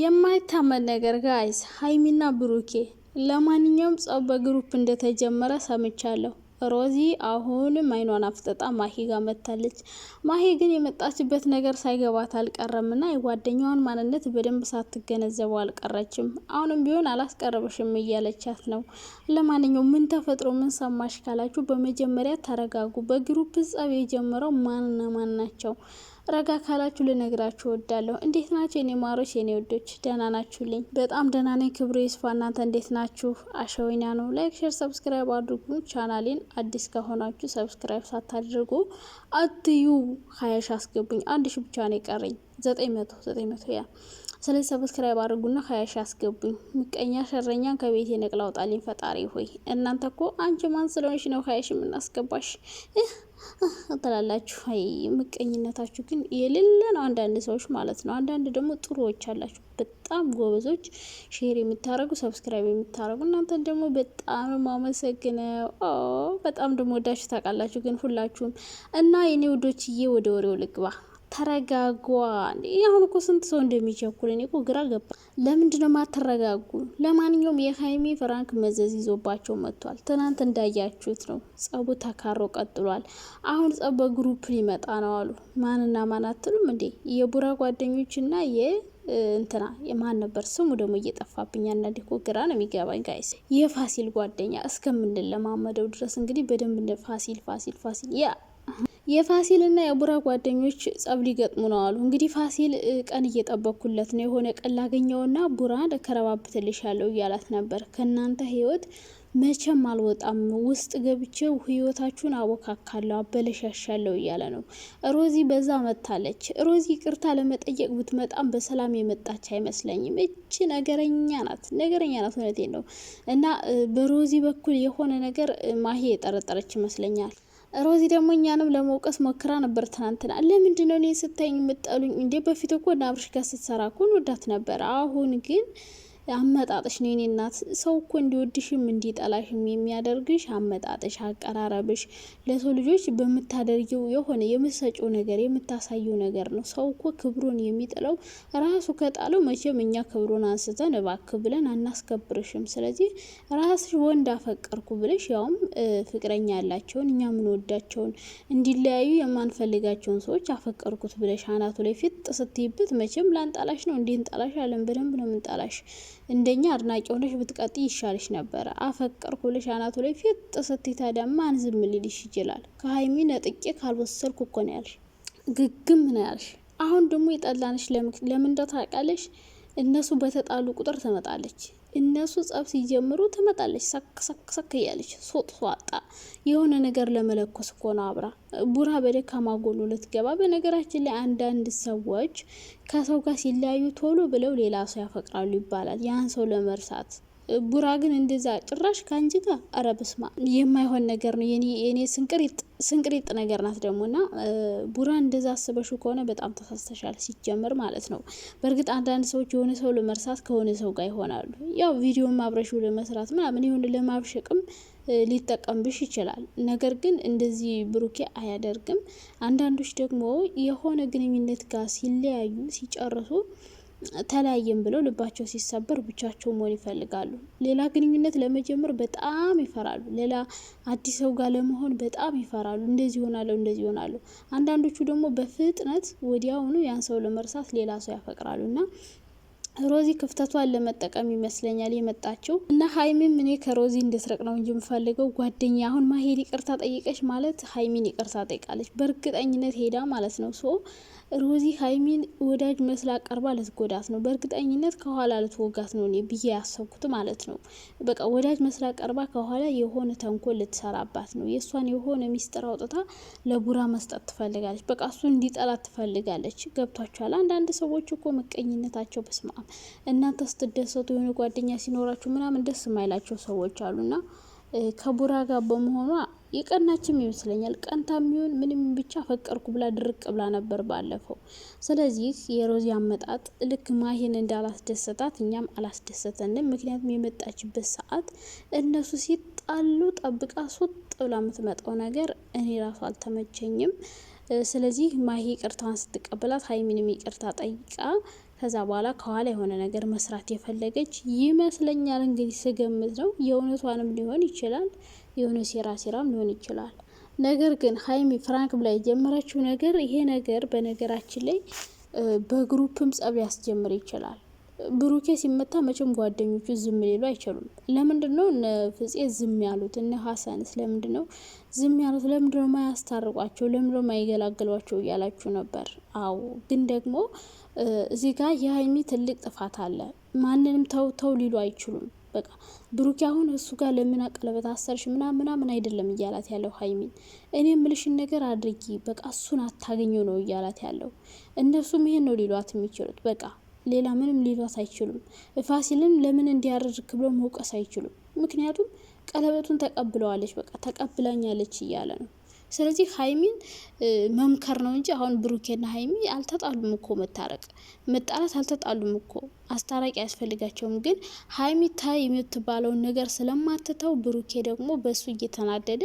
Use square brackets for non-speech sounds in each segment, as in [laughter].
የማይታመን ነገር ጋይስ ሀይሚና ብሩኬ ለማንኛውም ጸብ በግሩፕ እንደተጀመረ ሰምቻለሁ። ሮዚ አሁንም አይኗን አፍጠጣ ማሂ ጋር መታለች። ማሂ ግን የመጣችበት ነገር ሳይገባት አልቀረምና የጓደኛዋን ማንነት በደንብ ሳትገነዘበው አልቀረችም። አሁንም ቢሆን አላስቀረበሽም እያለቻት ነው። ለማንኛውም ምን ተፈጥሮ ምን ሰማሽ ካላችሁ በመጀመሪያ ተረጋጉ። በግሩፕ ጸብ የጀመረው ማንና ማን ናቸው? ረጋ ካላችሁ ልነግራችሁ እወዳለሁ። እንዴት ናቸው የኔ ማሮች፣ የኔ ወዶች፣ ደህና ናችሁልኝ? በጣም ደህና ነኝ። ክብሩ ይስፋ። እናንተ እንዴት ናችሁ? አሸወኛ ነው። ላይክ፣ ሼር፣ ሰብስክራይብ አድርጉ። ቻናሌን አዲስ ከሆናችሁ ሰብስክራይብ ሳታደርጉ አትዩ። ሀያ አስገቡኝ። አንድ ሺ ብቻ ነው የቀረኝ። ዘጠኝ መቶ ዘጠኝ መቶ ያ ስለዚህ ሰብስክራይብ አድርጉና ሀያ ሺ አስገቡኝ። ምቀኛ ሸረኛን ከቤት ነቅላ አውጣልኝ። ፈጣሪ ሆይ እናንተ እኮ አንቺ ማን ስለሆንሽ ነው ሀያ ሺ የምናስገባሽ ትላላችሁ። አይ ምቀኝነታችሁ ግን የሌለ ነው። አንዳንድ ሰዎች ማለት ነው። አንዳንድ ደግሞ ጥሩዎች አላችሁ፣ በጣም ጎበዞች፣ ሼር የምታደረጉ ሰብስክራይብ የምታደረጉ እናንተን ደግሞ በጣም ማመሰግነው። በጣም ደሞ ወዳችሁ ታውቃላችሁ፣ ግን ሁላችሁም እና የኔ ውዶችዬ ወደ ወሬው ልግባ። ተረጋጓ። አሁን እኮ ስንት ሰው እንደሚቸኩል እኔ እኮ ግራ ገባ። ለምንድነው ነው ማተረጋጉ? ለማንኛውም የሀይሚ ፍራንክ መዘዝ ይዞባቸው መጥቷል። ትናንት እንዳያችሁት ነው ጸቡ ተካሮ ቀጥሏል። አሁን ጸቡ በግሩፕ ሊመጣ ነው አሉ። ማንና ማን አትሉም እንዴ? የቡራ ጓደኞች ጓደኞችና የ እንትና የማን ነበር ስሙ ደግሞ እየጠፋብኝ። አንዳንዴ እኮ ግራ ነው የሚገባኝ ጋይስ። የፋሲል ጓደኛ እስከምንለማመደው ድረስ እንግዲህ በደንብ ፋሲል ፋሲል ፋሲል ያ የፋሲልና የቡራ ጓደኞች ጸብ ሊገጥሙ ነው አሉ። እንግዲህ ፋሲል ቀን እየጠበኩለት ነው፣ የሆነ ቀን ላገኘውና ቡራ እከረባብትልሻለሁ እያላት ነበር። ከእናንተ ህይወት መቼም አልወጣም፣ ውስጥ ገብቼ ህይወታችሁን አቦካካለሁ፣ አበለሻሻለሁ እያለ ነው። ሮዚ በዛ መታለች። ሮዚ ቅርታ ለመጠየቅ ብትመጣም በሰላም የመጣች አይመስለኝም። እች ነገረኛ ናት፣ ነገረኛ ናት። እውነቴን ነው። እና በሮዚ በኩል የሆነ ነገር ማሄ የጠረጠረች ይመስለኛል። ሮዚ ደግሞ እኛንም ለመውቀስ ሞክራ ነበር ትናንትና። ለምንድን ነው እኔ ስታይኝ የምጠሉኝ እንዴ? በፊት እኮ እና ጋር ስትሰራ እኮ እንወዳት ነበር። አሁን ግን አመጣጥሽ ነው የኔ እናት። ሰው እኮ እንዲወድሽም እንዲጠላሽም የሚያደርግሽ አመጣጥሽ፣ አቀራረብሽ፣ ለሰው ልጆች በምታደርጊው የሆነ የምትሰጪው ነገር የምታሳየው ነገር ነው። ሰው እኮ ክብሩን የሚጥለው ራሱ ከጣለው መቼም እኛ ክብሩን አንስተን እባክ ብለን አናስከብርሽም። ስለዚህ ራስሽ ወንድ አፈቀርኩ ብለሽ ያውም ፍቅረኛ ያላቸውን እኛ ምንወዳቸውን እንዲለያዩ የማንፈልጋቸውን ሰዎች አፈቀርኩት ብለሽ አናቱ ላይ ፊት ስትይበት መቼም ላንጣላሽ ነው። እንዲህ እንጣላሽ አለን። በደንብ ነው ምንጣላሽ። እንደኛ አድናቂ ሆነሽ ብትቀጥ ይሻልሽ ነበረ። አፈቀርኩ ብለሽ አናቱ ላይ ፊት ጥስት ታዲያ ማን ዝም ሊልሽ ይችላል? ከሀይሚ ነጥቄ ካልወሰድኩ እኮ ነው ያልሽ። ግግም ነው ያልሽ። አሁን ደግሞ የጠላንሽ ለምን እንደው እነሱ በተጣሉ ቁጥር ትመጣለች። እነሱ ጸብ ሲጀምሩ ትመጣለች ሰክሰክሰክ እያለች ሶጥ ሷጣ የሆነ ነገር ለመለኮስ እኮ ነው አብራ ቡራ በደካማ ጎኑ ልትገባ። በነገራችን ላይ አንዳንድ ሰዎች ከሰው ጋር ሲለያዩ ቶሎ ብለው ሌላ ሰው ያፈቅራሉ ይባላል ያን ሰው ለመርሳት ቡራ ግን እንደዛ ጭራሽ ከአንቺ ጋር ኧረ በስመ የማይሆን ነገር ነው። የኔ ስንቅሪጥ ነገር ናት ደግሞ እና ቡራ እንደዛ አስበሹ ከሆነ በጣም ተሳስተሻል፣ ሲጀምር ማለት ነው። በእርግጥ አንዳንድ ሰዎች የሆነ ሰው ለመርሳት ከሆነ ሰው ጋር ይሆናሉ። ያው ቪዲዮን ማብረሹ ለመስራት ምናምን ይሁን ለማብሸቅም ሊጠቀምብሽ ይችላል። ነገር ግን እንደዚህ ብሩኬ አያደርግም። አንዳንዶች ደግሞ የሆነ ግንኙነት ጋር ሲለያዩ ሲጨርሱ ተለያየም ብለው ልባቸው ሲሰበር ብቻቸው መሆን ይፈልጋሉ። ሌላ ግንኙነት ለመጀመር በጣም ይፈራሉ። ሌላ አዲስ ሰው ጋር ለመሆን በጣም ይፈራሉ። እንደዚህ ይሆናለሁ፣ እንደዚህ ይሆናሉ። አንዳንዶቹ ደግሞ በፍጥነት ወዲያውኑ ያን ሰው ለመርሳት ሌላ ሰው ያፈቅራሉ እና ሮዚ ክፍተቷን ለመጠቀም ይመስለኛል የመጣችው እና ሀይሚም እኔ ከሮዚ እንድትርቅ ነው እንጂ የምፈልገው ጓደኛ አሁን ማሄድ ይቅርታ ጠይቀች ማለት ሀይሚን ይቅርታ ጠይቃለች በእርግጠኝነት ሄዳ ማለት ነው ሶ ሮዚ ሀይሚን ወዳጅ መስል አቀርባ ልትጎዳት ነው። በእርግጠኝነት ከኋላ ልትወጋት ነው እኔ ብዬ ያሰብኩት ማለት ነው። በቃ ወዳጅ መስል አቀርባ ከኋላ የሆነ ተንኮል ልትሰራባት ነው። የእሷን የሆነ ሚስጥር አውጥታ ለቡራ መስጠት ትፈልጋለች። በቃ እሱ እንዲጠላት ትፈልጋለች። ገብቷችኋል? አንዳንድ ሰዎች እኮ ምቀኝነታቸው በስመ እናንተ ስትደሰቱ የሆነ ጓደኛ ሲኖራችሁ ምናምን ደስ የማይላቸው ሰዎች አሉና ከቡራ ጋር በመሆኗ የቀናችም ይመስለኛል። ቀንታ የሚሆን ምንም ብቻ ፈቀርኩ ብላ ድርቅ ብላ ነበር ባለፈው። ስለዚህ የሮዚ አመጣጥ ልክ ማሄን እንዳላስደሰታት እኛም አላስደሰተንም። ምክንያቱም የመጣችበት ሰዓት እነሱ ሲጣሉ ጠብቃ ሱጥ ብላ የምትመጣው ነገር እኔ ራሱ አልተመቸኝም። ስለዚህ ማሄ ይቅርታዋን ስትቀበላት ሀይሚንም ይቅርታ ጠይቃ ከዛ በኋላ ከኋላ የሆነ ነገር መስራት የፈለገች ይመስለኛል። እንግዲህ ስገምት ነው። የእውነቷንም ሊሆን ይችላል፣ የሆነ ሴራ ሴራም ሊሆን ይችላል። ነገር ግን ሀይሚ ፍራንክ ብላ የጀመረችው ነገር ይሄ ነገር በነገራችን ላይ በግሩፕም ጸብ ሊያስጀምር ይችላል። ብሩኬ ሲመታ መቼም ጓደኞቹ ዝም ሊሉ አይችሉም። ለምንድን ነው እነ ፍጼ ዝም ያሉት? እነ ሀሰንስ ለምንድን ነው ዝም ያሉት? ለምንድን ነው ማያስታርቋቸው? ለምንድን ነው ማይገላግሏቸው እያላችሁ ነበር። አዎ፣ ግን ደግሞ እዚህ ጋር የሀይሚ ትልቅ ጥፋት አለ። ማንንም ተው ተው ሊሉ አይችሉም። በቃ ብሩኬ አሁን እሱ ጋር ለምን ቀለበት አሰርሽ ምናምን ምናምን አይደለም እያላት ያለው ሀይሚን፣ እኔ ምልሽን ነገር አድርጊ፣ በቃ እሱን አታገኘው ነው እያላት ያለው። እነሱም ይሄን ነው ሊሏት የሚችሉት በቃ ሌላ ምንም ሊሏት አይችሉም። ፋሲልን ለምን እንዲያደርግ ብሎ መውቀስ አይችሉም። ምክንያቱም ቀለበቱን ተቀብለዋለች፣ በቃ ተቀብላኛለች እያለ ነው። ስለዚህ ሀይሚን መምከር ነው እንጂ አሁን ብሩኬና ሀይሚ አልተጣሉም እኮ መታረቅ መጣላት አልተጣሉም እኮ አስታራቂ አያስፈልጋቸውም። ግን ሀይሚ ታይ የምትባለውን ነገር ስለማትተው ብሩኬ ደግሞ በእሱ እየተናደደ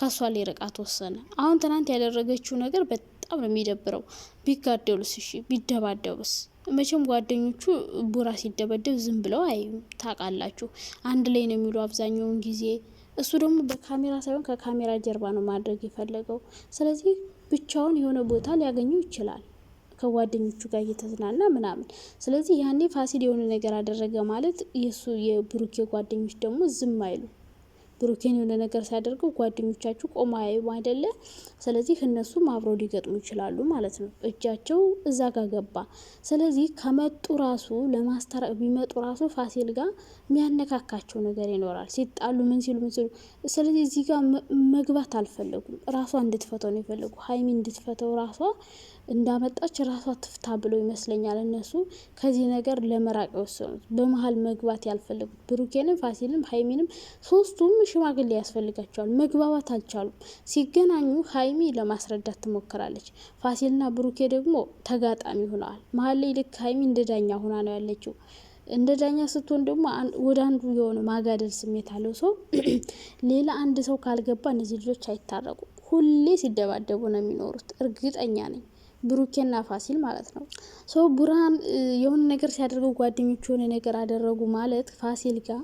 ከሷ ሊርቃ ተወሰነ። አሁን ትናንት ያደረገችው ነገር በጣም ነው የሚደብረው። ቢጋደሉስ? እሺ ቢደባደቡስ? መቼም ጓደኞቹ ቡራ ሲደበደብ ዝም ብለው አይ፣ ታውቃላችሁ፣ አንድ ላይ ነው የሚሉ አብዛኛውን ጊዜ። እሱ ደግሞ በካሜራ ሳይሆን ከካሜራ ጀርባ ነው ማድረግ የፈለገው። ስለዚህ ብቻውን የሆነ ቦታ ሊያገኘው ይችላል ከጓደኞቹ ጋር እየተዝናና ምናምን። ስለዚህ ያኔ ፋሲል የሆነ ነገር አደረገ ማለት የእሱ የብሩኬ ጓደኞች ደግሞ ዝም አይሉ ብሩኬን የሆነ ነገር ሲያደርገው ጓደኞቻችሁ ቆማ ያዩ አይደለ? ስለዚህ እነሱም አብረው ሊገጥሙ ይችላሉ ማለት ነው። እጃቸው እዛ ጋር ገባ። ስለዚህ ከመጡ ራሱ ለማስታረቅ ቢመጡ ራሱ ፋሲል ጋር የሚያነካካቸው ነገር ይኖራል። ሲጣሉ ምን ሲሉ ምን ሲሉ። ስለዚህ እዚህ ጋር መግባት አልፈለጉም። ራሷ እንድትፈተው ነው የፈለጉ ሀይሚ እንድትፈተው ራሷ እንዳመጣች ራሷ ትፍታ ብሎ ይመስለኛል እነሱ ከዚህ ነገር ለመራቅ የወሰኑት። በመሀል መግባት ያልፈለጉት ብሩኬንም፣ ፋሲልም፣ ሀይሚንም ሶስቱም ሽማግሌ ያስፈልጋቸዋል። መግባባት አልቻሉም። ሲገናኙ ሀይሚ ለማስረዳት ትሞክራለች። ፋሲልና ብሩኬ ደግሞ ተጋጣሚ ሆነዋል። መሀል ላይ ልክ ሀይሚ እንደ ዳኛ ሆና ነው ያለችው። እንደ ዳኛ ስትሆን ደግሞ ወደ አንዱ የሆነ ማጋደል ስሜት አለው ሰው። [clears throat] ሌላ አንድ ሰው ካልገባ እነዚህ ልጆች አይታረቁ። ሁሌ ሲደባደቡ ነው የሚኖሩት፣ እርግጠኛ ነኝ። ብሩኬና ፋሲል ማለት ነው። ሰው ቡርሃን የሆነ ነገር ሲያደርገው ጓደኞቹ የሆነ ነገር አደረጉ ማለት ፋሲል ጋር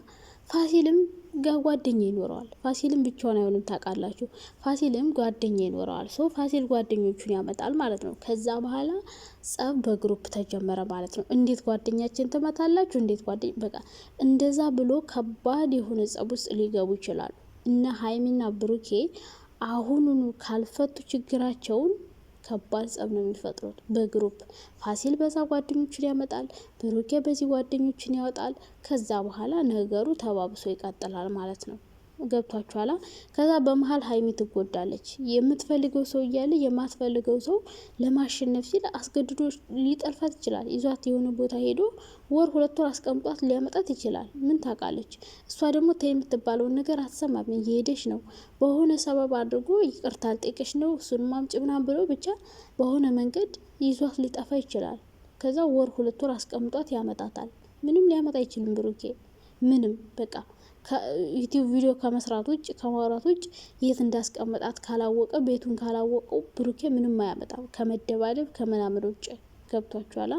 ፋሲልም ጋር ጓደኛ ይኖረዋል። ፋሲልም ብቻውን አይሆንም ታውቃላችሁ። ፋሲልም ጓደኛ ይኖረዋል። ሰው ፋሲል ጓደኞቹን ያመጣል ማለት ነው። ከዛ በኋላ ጸብ በግሩፕ ተጀመረ ማለት ነው። እንዴት ጓደኛችን ትመታላችሁ? እንዴት ጓደኛ በቃ እንደዛ ብሎ ከባድ የሆነ ጸብ ውስጥ ሊገቡ ይችላሉ። እነ ሀይሚና ብሩኬ አሁኑኑ ካልፈቱ ችግራቸውን ከባድ ጸብ ነው የሚፈጥሩት በግሩፕ ፋሲል በዛ ጓደኞችን ያመጣል፣ ብሩኬ በዚህ ጓደኞችን ያወጣል። ከዛ በኋላ ነገሩ ተባብሶ ይቀጥላል ማለት ነው። ገብቷችኋላ። ከዛ በመሀል ሀይሚ ትጎዳለች። የምትፈልገው ሰው እያለ የማትፈልገው ሰው ለማሸነፍ ሲል አስገድዶ ሊጠልፋት ይችላል። ይዟት የሆነ ቦታ ሄዶ ወር ሁለት ወር አስቀምጧት ሊያመጣት ይችላል። ምን ታውቃለች እሷ ደግሞ ተ የምትባለውን ነገር አትሰማም። እየሄደች ነው በሆነ ሰበብ አድርጎ ይቅርታ አልጠየቀች ነው እሱን ማምጭ ብሎ ብቻ በሆነ መንገድ ይዟት ሊጠፋ ይችላል። ከዛ ወር ሁለት ወር አስቀምጧት ያመጣታል። ምንም ሊያመጣ አይችልም ብሩኬ ምንም በቃ ዩቲዩብ ቪዲዮ ከመስራት ውጭ ከማውራት ውጭ የት እንዳስቀመጣት ካላወቀ ቤቱን ካላወቀው ብሩኬ ምንም አያመጣም ከመደባደብ ከምናምን ውጭ ገብቷችኋላ።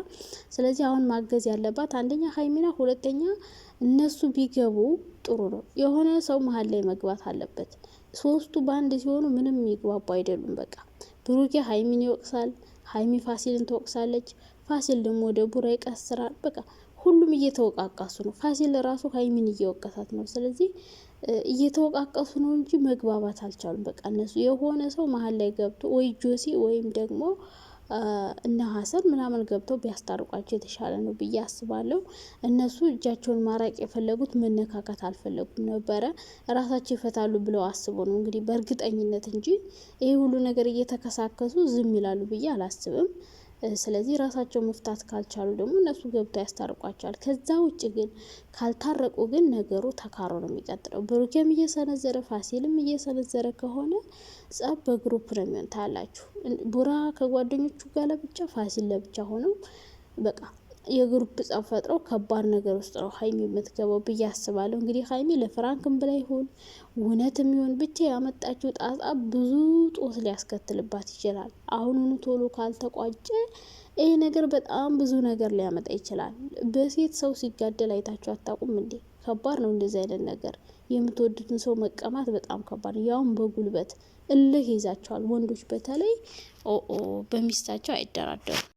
ስለዚህ አሁን ማገዝ ያለባት አንደኛ ሀይሚና፣ ሁለተኛ እነሱ ቢገቡ ጥሩ ነው። የሆነ ሰው መሀል ላይ መግባት አለበት። ሶስቱ በአንድ ሲሆኑ ምንም የሚግባቡ አይደሉም። በቃ ብሩኬ ሀይሚን ይወቅሳል፣ ሀይሚ ፋሲልን ትወቅሳለች፣ ፋሲል ደግሞ ወደ ቡራ ይቀስራል። በቃ ሁሉም እየተወቃቀሱ ነው። ፋሲል ራሱ ሀይሚን እየወቀሳት ነው። ስለዚህ እየተወቃቀሱ ነው እንጂ መግባባት አልቻሉም። በቃ እነሱ የሆነ ሰው መሀል ላይ ገብቶ ወይ ጆሲ ወይም ደግሞ እነ ሀሰን ምናምን ገብተው ቢያስታርቋቸው የተሻለ ነው ብዬ አስባለሁ። እነሱ እጃቸውን ማራቅ የፈለጉት መነካከት አልፈለጉም ነበረ። ራሳቸው ይፈታሉ ብለው አስቦ ነው እንግዲህ በእርግጠኝነት እንጂ ይህ ሁሉ ነገር እየተከሳከሱ ዝም ይላሉ ብዬ አላስብም። ስለዚህ ራሳቸው መፍታት ካልቻሉ ደግሞ እነሱ ገብተው ያስታርቋቸዋል። ከዛ ውጭ ግን ካልታረቁ ግን ነገሩ ተካሮ ነው የሚቀጥለው። ብሩኬም እየሰነዘረ ፋሲልም እየሰነዘረ ከሆነ ጸብ በግሩፕ ነው የሚሆን ታላችሁ። ቡራ ከጓደኞቹ ጋር ለብቻ፣ ፋሲል ለብቻ ሆነው በቃ የግሩፕ ጸብ ፈጥረው ከባድ ነገር ውስጥ ነው ሀይሚ የምትገባው ብዬ አስባለሁ። እንግዲህ ሀይሚ ለፍራንክም ብላ ይሆን እውነትም ይሆን ብቻ ያመጣችው ጣጣ ብዙ ጦስ ሊያስከትልባት ይችላል። አሁኑኑ ቶሎ ካልተቋጨ ይህ ነገር በጣም ብዙ ነገር ሊያመጣ ይችላል። በሴት ሰው ሲጋደል አይታችሁ አታውቁም እንዴ? ከባድ ነው እንደዚህ አይነት ነገር። የምትወዱትን ሰው መቀማት በጣም ከባድ ነው፣ ያውም በጉልበት እልህ ይዛቸዋል ወንዶች። በተለይ ኦ ኦ በሚስታቸው አይደራደሩም።